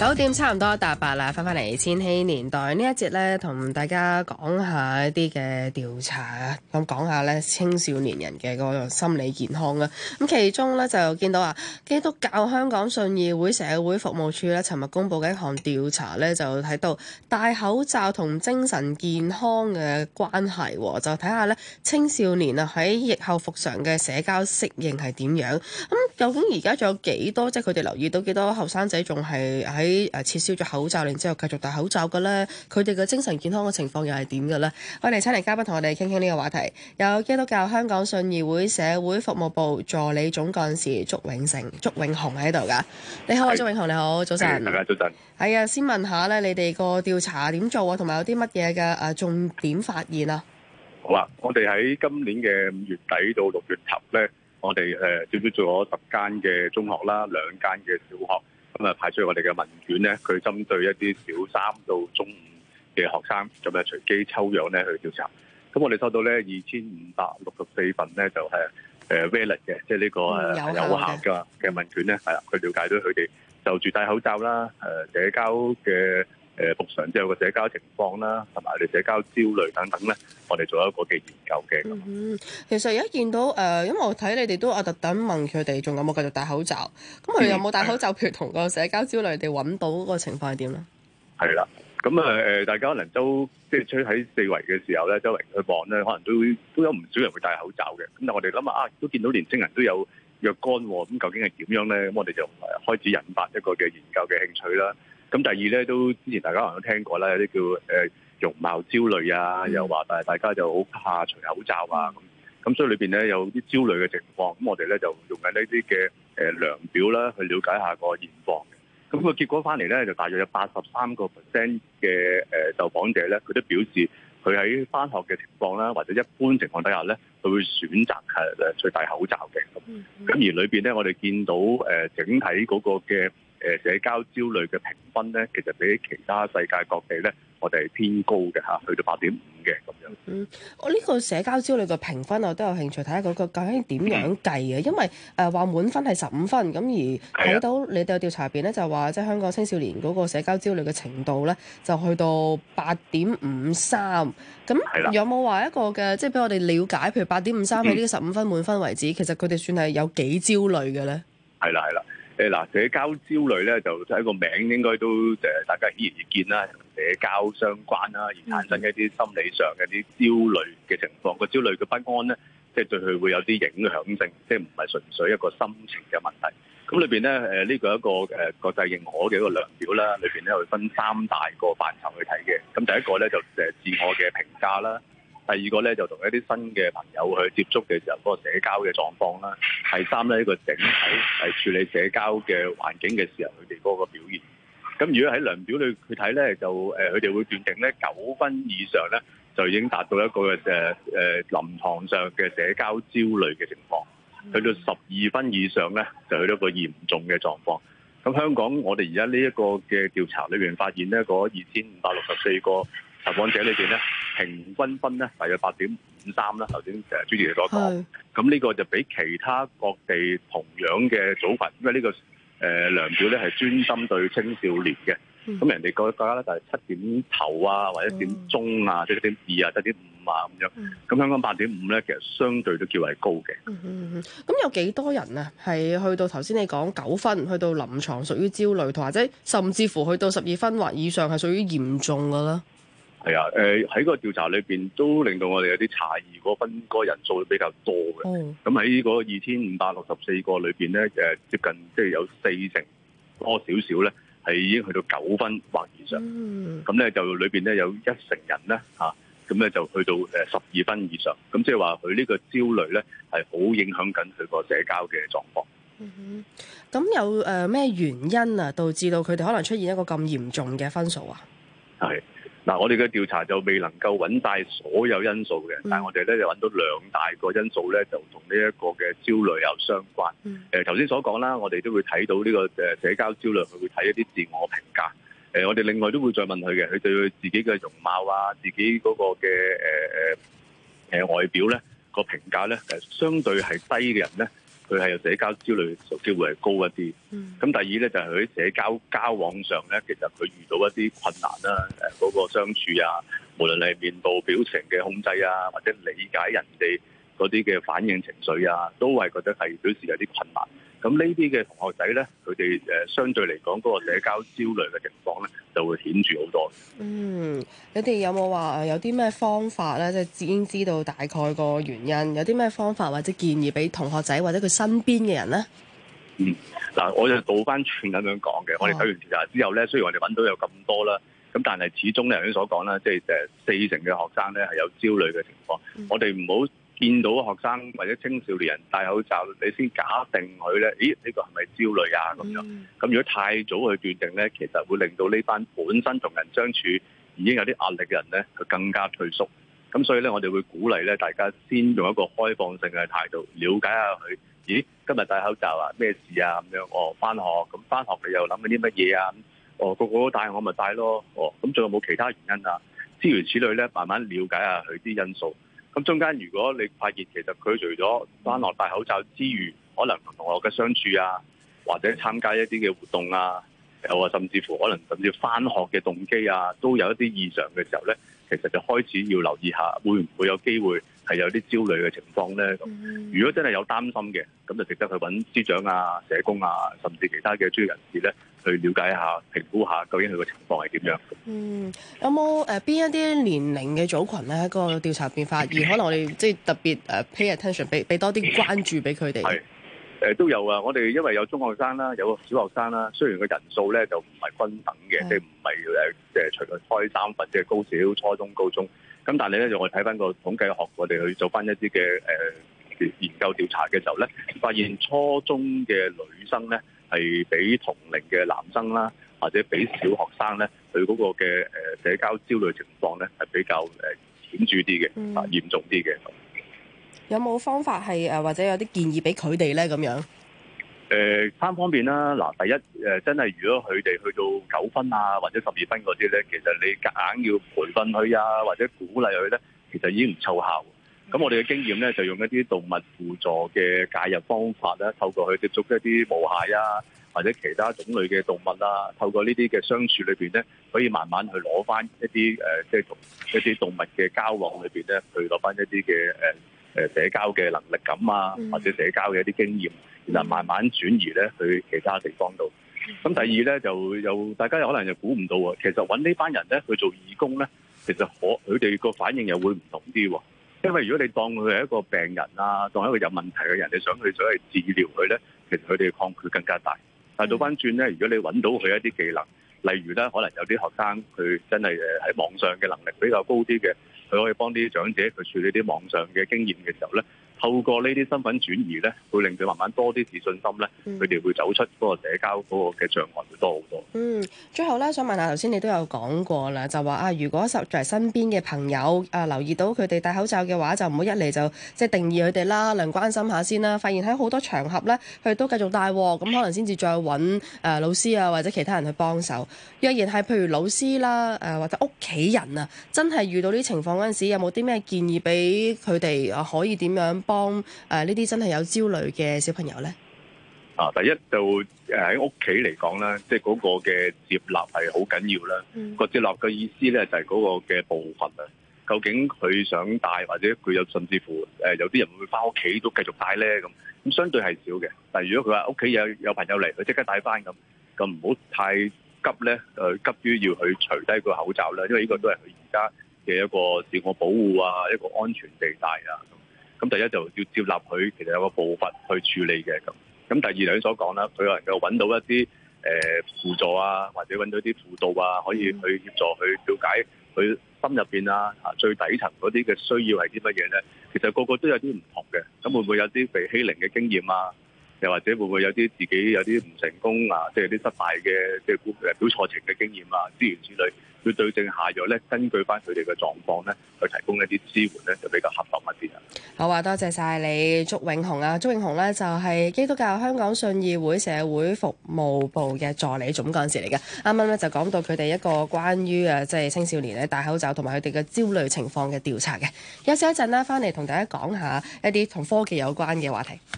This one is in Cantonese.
九點差唔多搭八啦，翻返嚟《千禧年代》一節呢一節咧，同大家講下一啲嘅調查，咁講下咧青少年人嘅嗰個心理健康啊。咁其中咧就見到啊，基督教香港信義會社會服務處咧，尋日公布嘅一項調查咧，就睇到戴口罩同精神健康嘅關係，就睇下咧青少年啊喺疫後復常嘅社交適應係點樣。咁究竟而家仲有幾多，即係佢哋留意到幾多後生仔仲係喺？啲撤銷咗口罩，然之後繼續戴口罩嘅咧，佢哋嘅精神健康嘅情況又係點嘅咧？我哋請嚟嘉賓同我哋傾傾呢個話題，有基督教香港信義會社會服務部助理總幹事竺永洪，竺永洪喺度噶。你好，阿竺永洪。你好，早晨。大家早晨。係啊，先問下咧，你哋個調查點做啊？同埋有啲乜嘢嘅誒，重點發現啊？好啦，我哋喺今年嘅五月底到六月頭咧，我哋誒，主要做咗十間嘅中學啦，兩間嘅小學。咁啊，派出我哋嘅問卷咧，佢針對一啲小三到中五嘅學生咁啊，隨機抽樣咧去調查。咁我哋收到咧二千五百六十四份咧，就係誒 valid 嘅，即係呢個有效嘅嘅問卷咧，係啦，佢了解到佢哋就住戴口罩啦，誒社交嘅。誒復常之後嘅社交情況啦，同埋你社交焦慮等等咧，我哋做一個嘅研究嘅。嗯，其實而家見到誒、呃，因為我睇你哋都啊，特登問佢哋仲有冇繼續戴口罩？咁佢有冇戴口罩、嗯？譬如同個社交焦慮，你哋揾到個情況係點咧？係啦，咁啊誒，大家可能都即係吹喺四圍嘅時候咧，周圍去望咧，可能都都有唔少人會戴口罩嘅。咁但係我哋諗下啊，都見到年輕人都有若干喎，咁、啊嗯、究竟係點樣咧？咁我哋就開始引發一個嘅研究嘅興趣啦。咁第二咧，都之前大家可能都聽過啦，有啲叫誒容貌焦慮啊，又話誒大家就好怕除口罩啊，咁咁所以裏面咧有啲焦慮嘅情況。咁我哋咧就用緊呢啲嘅誒量表啦去了解下個現況。咁個結果翻嚟咧，就大約有八十三個 percent 嘅誒受訪者咧，佢都表示佢喺翻學嘅情況啦，或者一般情況底下咧，佢會選擇續戴口罩嘅。咁咁而裏面咧，我哋見到誒整體嗰個嘅。誒社交焦慮嘅評分咧，其實比其他世界各地咧，我哋係偏高嘅嚇，去到八點五嘅咁樣。嗯，我呢個社交焦慮嘅評分，我都有興趣睇下佢究竟點樣計啊、嗯？因為誒話、呃、滿分係十五分咁，而睇到你哋個調查入邊咧，就話即係香港青少年嗰個社交焦慮嘅程度咧，就去到八點五三。咁有冇話一個嘅、嗯，即係俾我哋了解，譬如八點五三喺呢個十五分、嗯、滿分為止，其實佢哋算係有幾焦慮嘅咧？係啦，係啦。誒嗱，社交焦慮咧，就係一個名應該都誒，大家顯而易見啦，社交相關啦，而產生一啲心理上嘅啲焦慮嘅情況。嗯，那個焦慮嘅不安咧，即係對佢會有啲影響性，即係唔係純粹一個心情嘅問題。咁裏面咧，呢個一個誒國際認可嘅一個量表啦，裏面咧會分三大個範疇去睇嘅。咁第一個咧就誒自我嘅評價啦。第二個咧就同一啲新嘅朋友去接觸嘅時候，嗰、那個社交嘅狀況啦；第三咧一個整體係處理社交嘅環境嘅時候，佢哋嗰個表現。咁如果喺量表裏去睇咧，就佢哋、呃、會斷定咧九分以上咧就已經達到一個誒、呃呃、臨牀上嘅社交焦慮嘅情況。去到十二分以上咧就去到一個嚴重嘅狀況。咁香港我哋而家呢一個嘅調查裏面發現咧，嗰二千五百六十四個受訪者裏面咧。平均分咧大約八點五三啦，頭先誒主持你所講，咁呢個就比其他各地同樣嘅組合，因為、這個呃、呢個誒量表咧係專針對青少年嘅，咁、嗯、人哋個國家咧就係七點頭啊，或者點鐘啊，或、嗯、者點二啊，七點五啊咁樣，咁、嗯、香港八點五咧其實相對都較為高嘅。咁、嗯嗯、有幾多人啊？係去到頭先你講九分，去到臨床屬於焦慮，同或者甚至乎去到十二分或以上係屬於嚴重嘅啦。係啊，誒喺嗰個調查裏邊都令到我哋有啲詫異，個分嗰人數都比較多嘅。咁喺呢個二千五百六十四個裏邊咧，誒接近即係有四成多少少咧，係已經去到九分或以上。咁、嗯、咧就裏邊咧有一成人咧吓，咁、啊、咧就去到誒十二分以上。咁即係話佢呢個焦慮咧係好影響緊佢個社交嘅狀況。咁、嗯、有誒咩原因啊導致到佢哋可能出現一個咁嚴重嘅分數啊？係。嗱，我哋嘅調查就未能夠揾晒所有因素嘅，但係我哋咧就揾到兩大個因素咧，就同呢一個嘅焦慮又相關。誒頭先所講啦，我哋都會睇到呢個誒社交焦慮，佢會睇一啲自我評價。誒、呃，我哋另外都會再問佢嘅，佢對佢自己嘅容貌啊、自己嗰個嘅誒誒誒外表咧個評價咧，誒相對係低嘅人咧。佢係有社交焦慮嘅機會係高一啲，咁、嗯、第二咧就係佢喺社交交往上咧，其實佢遇到一啲困難啦，誒、那、嗰個相處啊，無論你係面部表情嘅控制啊，或者理解人哋嗰啲嘅反應情緒啊，都係覺得係表示有啲困難。咁呢啲嘅同學仔咧，佢哋誒相對嚟講嗰個社交焦慮嘅情況咧。會顯著好多。嗯，你哋有冇話有啲咩方法咧？即、就、係、是、已經知道大概個原因，有啲咩方法或者建議俾同學仔或者佢身邊嘅人咧？嗯，嗱、嗯嗯，我就倒翻轉咁樣講嘅。我哋睇完調查之後咧、哦，雖然我哋揾到有咁多啦，咁但係始終咧，頭先所講啦，即係誒四成嘅學生咧係有焦慮嘅情況、嗯。我哋唔好。見到學生或者青少年人戴口罩，你先假定佢呢咦？呢個係咪焦慮啊？咁、嗯、樣咁如果太早去斷定呢，其實會令到呢班本身同人相處而已經有啲壓力嘅人呢，佢更加退縮。咁所以呢，我哋會鼓勵呢大家先用一個開放性嘅態度，了解下佢。咦？今日戴口罩啊？咩事啊？咁樣哦，返學咁返學，學你又諗緊啲乜嘢啊？哦，個個都戴，我咪戴咯。哦，咁仲有冇其他原因啊？諸如此類呢，慢慢了解下佢啲因素。咁中間，如果你發現其實佢除咗翻學戴口罩之餘，可能同同學嘅相處啊，或者參加一啲嘅活動啊，又或啊，甚至乎可能甚至翻學嘅動機啊，都有一啲異常嘅時候咧，其實就開始要留意下，會唔會有機會係有啲焦慮嘅情況咧，咁如果真係有擔心嘅，咁就值得去揾師長啊、社工啊，甚至其他嘅專業人士咧，去了解一下、評估下究竟佢個情況係點樣。嗯，有冇誒邊一啲年齡嘅組群咧？一個調查變化而可能我哋即係特別誒、呃、pay attention，俾俾多啲關注俾佢哋。係。誒，都有啊！我哋因為有中學生啦、啊，有小學生啦、啊，雖然個人數咧就唔係均等嘅，即係唔係誒，誒，除開三份即係高小、初中、高中，咁但係咧，就我睇翻，個統計學，我哋去做翻一啲嘅誒研究調查嘅時候咧，發現初中嘅女生咧係比同齡嘅男生啦，或者比小學生咧，佢嗰個嘅誒社交焦慮情況咧係比較誒顯著啲嘅，嗯，啊，嚴重啲嘅。有冇方法係誒或者有啲建議俾佢哋咧咁樣？誒、呃、三方面啦，嗱第一誒，真係如果佢哋去到九分啊或者十二分嗰啲咧，其實你夾硬要培訓佢啊或者鼓勵佢咧，其實已經唔奏效。咁我哋嘅經驗咧，就用一啲動物輔助嘅介入方法咧，透過佢接觸一啲毛蟹啊或者其他種類嘅動物啦、啊，透過呢啲嘅相處裏邊咧，可以慢慢去攞返一啲誒，即係同一啲動物嘅交往裏邊咧，去攞返一啲嘅誒。呃誒社交嘅能力感啊，或者社交嘅一啲經驗，然後慢慢轉移咧去其他地方度。咁第二咧，就又大家可能又估唔到啊，其實揾呢班人咧去做義工咧，其實可佢哋個反應又會唔同啲，因為如果你當佢係一個病人啊，當一個有問題嘅人，你想去想去治療佢咧，其實佢哋抗拒更加大。但倒翻轉咧，如果你揾到佢一啲技能。例如咧，可能有啲學生佢真係喺網上嘅能力比較高啲嘅，佢可以幫啲長者去處理啲網上嘅經驗嘅時候咧。透過呢啲身份轉移呢，會令佢慢慢多啲自信心呢，佢哋會走出嗰個社交嗰個嘅障礙會多好多。嗯，最後呢，想問下，頭先你都有講過啦，就話啊，如果實在身邊嘅朋友啊留意到佢哋戴口罩嘅話，就唔好一嚟就即係、就是、定義佢哋啦，能關心下先啦。發現喺好多場合呢，佢都繼續戴喎，咁可能先至再揾誒、啊、老師啊，或者其他人去幫手。若然係譬如老師啦、啊，誒、啊、或者屋企人啊，真係遇到呢情況嗰陣時，有冇啲咩建議俾佢哋可以點樣？幫誒呢啲真係有焦慮嘅小朋友咧？啊，第一就誒喺屋企嚟講咧，即係嗰個嘅接納係好緊要啦。個、嗯、接納嘅意思咧就係嗰個嘅部分啊。究竟佢想戴或者佢有甚至乎誒有啲人會翻屋企都繼續戴咧咁。咁相對係少嘅。但係如果佢話屋企有有朋友嚟，佢即刻戴翻咁，咁唔好太急咧。誒，急於要佢除低個口罩喇，因為呢個都係佢而家嘅一個自我保護啊，一個安全地帶啊。咁第一就要接納佢，其實有個步伐去處理嘅咁。咁第二兩所講啦，佢能夠揾到一啲誒、欸、輔助啊，或者揾到啲輔導啊，可以去協助去了解佢心入面啊，啊，最底層嗰啲嘅需要係啲乜嘢咧？其實個個都有啲唔同嘅。咁會唔會有啲被欺凌嘅經驗啊？又或者會唔會有啲自己有啲唔成功啊？即係有啲失敗嘅即係表錯情嘅經驗啊？諸如此類，要對症下藥咧，根據翻佢哋嘅狀況咧，去提供一啲支援咧，就比較合適一啲。好話，多謝晒你，竺永洪啊，竺永洪咧就係基督教香港信義會社會服務部嘅助理總幹事嚟嘅。啱啱咧就講到佢哋一個關於啊，即係青少年咧戴口罩同埋佢哋嘅焦慮情況嘅調查嘅。休息一陣啦，翻嚟同大家講下一啲同科技有關嘅話題。